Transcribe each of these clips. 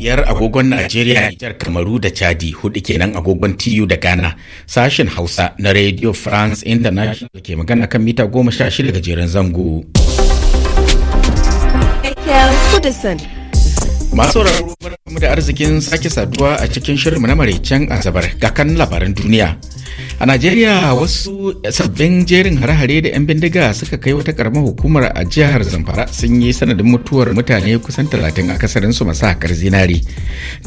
biyar agogon Najeriya, Nijar, Kamaru da Chadi hudu kenan agogon TU da Ghana. Sashen Hausa na Radio France International ke magana kan mita goma sha shida gajeren zango. Masu mu da arzikin sake saduwa a cikin shirin na maraicen Asabar ga kan labaran duniya. A Najeriya wasu sabbin jerin hare-hare da 'yan bindiga suka kai wata karamar hukumar a jihar Zamfara sun yi sanadin mutuwar mutane kusan 30 a kasarin su hakar zinari.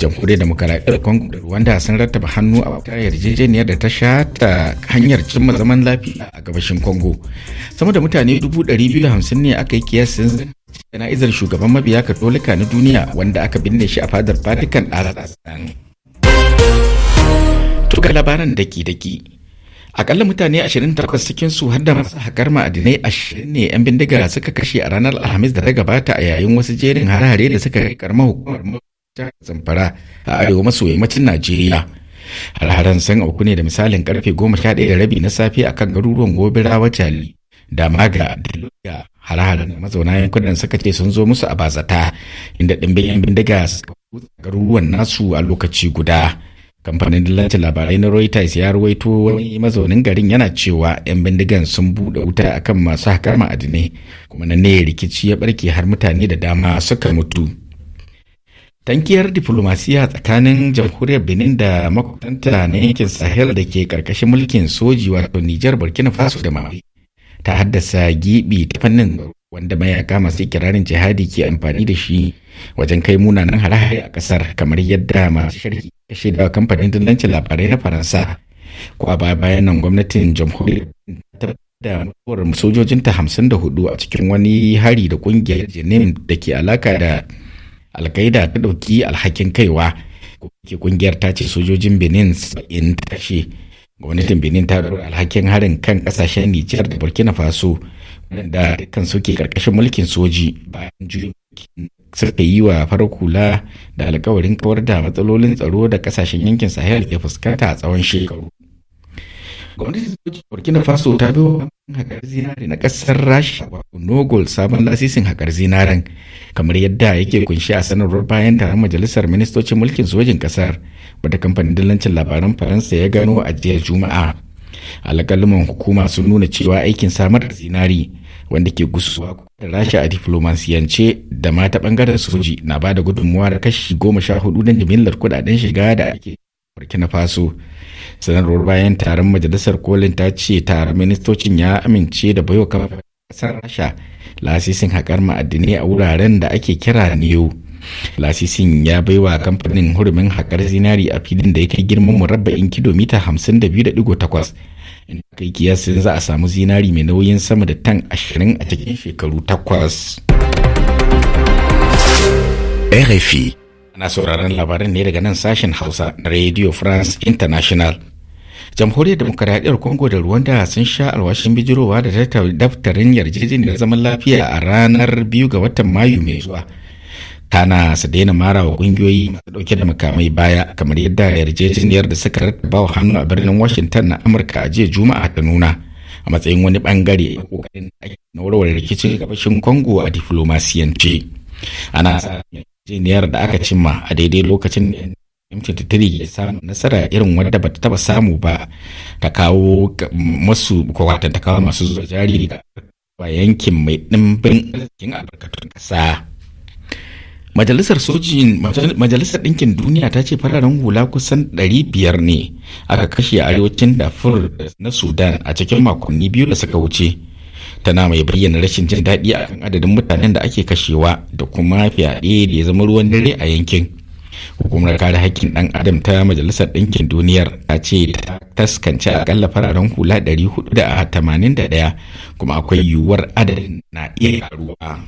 Jamhuriyar Demokaradiyyar Congo da da sun rattaba hannu a wata yarjejeniyar da ta sha ta hanyar cimma zaman lafiya a gabashin Congo. Sama da mutane dubu ɗari biyu da hamsin ne aka yi kiyasin jana'izar shugaban mabiya katolika na duniya wanda aka binne shi a fadar Vatican a Tuka labaran daki-daki. akalla mutane 28 cikin su har da masu haƙar ma'adinai 20 ne 'yan bindiga suka kashe a ranar alhamis da ta gabata a yayin wasu jerin harare da suka kai karamar hukumar zamfara a arewa maso yammacin najeriya harharen san auku ne da misalin karfe 11 da rabi na safe a kan garuruwan gobirawa jali da maga da hare-haren mazauna yankunan suka ce sun zo musu a bazata inda ɗimbin 'yan bindiga suka garuruwan nasu a lokaci guda kamfanin dillancin labarai na reuters ya ruwaito wani mazaunin garin yana cewa 'yan bindigan sun buɗe wuta akan masu haƙar ma'adinai kuma na ne rikici ya barke har mutane da dama suka mutu tankiyar diflomasiya tsakanin jamhuriyar benin da makwabtanta na yankin sahel da ke karkashin mulkin soji wato nijar burkina faso da mali ta haddasa gibi ta fannin wanda mayaka masu kirarin jihadi ke amfani da shi wajen kai munanan hare a kasar kamar yadda masu sharhi ta shaidawa kamfanin dillancin labarai na faransa ko a baya bayan nan gwamnatin jamhuriyar ta da mutuwar sojojinta hamsin da hudu a cikin wani hari da kungiyar jenin da ke alaka da alkaida ta ɗauki alhakin kaiwa ko ke kungiyar ta ce sojojin benin saba'in ta kashe gwamnatin benin ta dora alhakin harin kan kasashen nijar da burkina faso da dukkan suke karkashin mulkin soji bayan juyin suka yi wa farar kula da alkawarin kawar da matsalolin tsaro da kasashen yankin sahel ke fuskanta a tsawon shekaru gwamnatin burkina faso ta biyo hakar zinare na kasar rasha wato nogol sabon lasisin hakar zinaren kamar yadda yake kunshi a sanarwar bayan taron majalisar ministocin mulkin sojin kasar wadda kamfanin dillancin labaran faransa ya gano a jiya juma'a alƙaluman hukuma sun nuna cewa aikin samar da zinari wanda ke gusuwa da rasha a diflomasiyance da mata bangaren soji na ba da gudunmuwa da kashi goma sha hudu na jimillar kudaden shiga da ake burkina faso sanarwar bayan taron majalisar kolin ta ce taron ministocin ya amince da baiwa kamfanin kasar rasha lasisin haƙar ma'adinai a wuraren da ake kira niyo lasisin ya baiwa kamfanin hurumin haƙar zinari a filin da ya kai girman murabba'in kilomita 52.8 inda kai kiyasin za a samu zinari mai nauyin sama da tan 20 a cikin shekaru takwas. RFI Ana sauraron labaran ne daga nan sashen Hausa na Radio France International. Jamhuriyar Demokaradiyyar Congo da Rwanda sun sha alwashin bijirowa da daftarin yarjejeniyar zaman lafiya a ranar biyu ga watan Mayu mai zuwa. Tana su daina mara wa kungiyoyi masu dauke da makamai baya kamar yadda yarjejeniyar da suka rattaba wa hannu a birnin Washington na Amurka a jiya Juma'a ta nuna a matsayin wani bangare na warware rikicin gabashin Congo a diflomasiyance. Ana sa jiniyar da aka cimma a daidai lokacin da 23 ke samun nasara irin wadda ba ta taba samu ba ta kawo masu kowatan ta kawo masu zuwa jari ba yankin mai ɗimbin arzikin albarkatun ƙasa. Majalisar Sojin Majalisar Ɗinkin Duniya ta ce fararen hula kusan 500 ne aka kashe a arewacin da na Sudan a cikin makonni biyu da suka wuce. tana mai bayyana rashin jin daɗi a kan adadin mutanen da ake kashewa da kuma fyaɗe da ya zama ruwan dare a yankin hukumar kare haƙƙin ɗan adam ta majalisar ɗinkin duniyar ta ce ta taskance akalla fararen hula 481 kuma akwai yiwuwar adadin na iya karuwa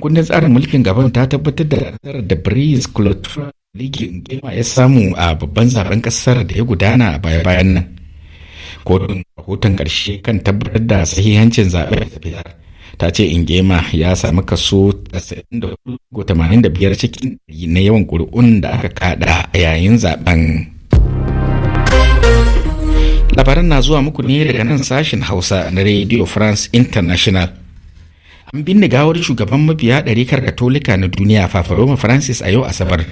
kundin tsarin mulkin gaban ta tabbatar da nasarar da breeze clotra ligin gema ya samu a babban zaben kasar da ya gudana a baya-bayan nan kotun rahoton karshe kan tabbatar da sahihancin zaɓen da ta ce ingema ya sami kaso 84.85 cikin na yawan ƙuri'un da aka kada a yayin zaɓen. labaran na zuwa muku ne daga nan sashen hausa na radio france international an binne gawar shugaban mabiya ɗarikar katolika na duniya fafaroma francis a yau asabar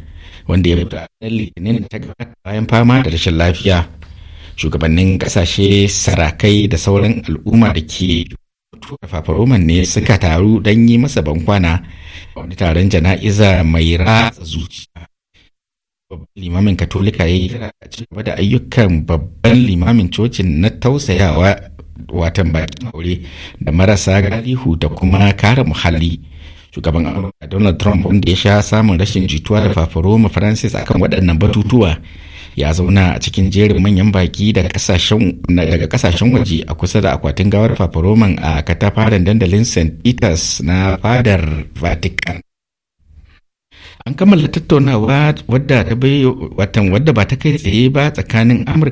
wanda ya ɗan litinin ta gaba bayan fama da rashin lafiya shugabannin kasashe sarakai da sauran al'umma da ke kafafar roman ne suka taru don yi masa bankwana a wani taron jana'iza mai ratsa zuciya limamin katolika ya yi a cikin da ayyukan babban limamin cocin na tausayawa watan bakin aure da marasa galihu da kuma kare muhalli shugaban amurka donald trump wanda ya sha samun rashin jituwa da fafaroma francis akan waɗannan batutuwa ya zauna a cikin jerin manyan baki daga kasashen waje a kusa da akwatin gawar fafaroman a katafaren dandalin st peters na fadar vatican an kammala tattaunawa wadda ba ta kai tsaye ba tsakanin amurka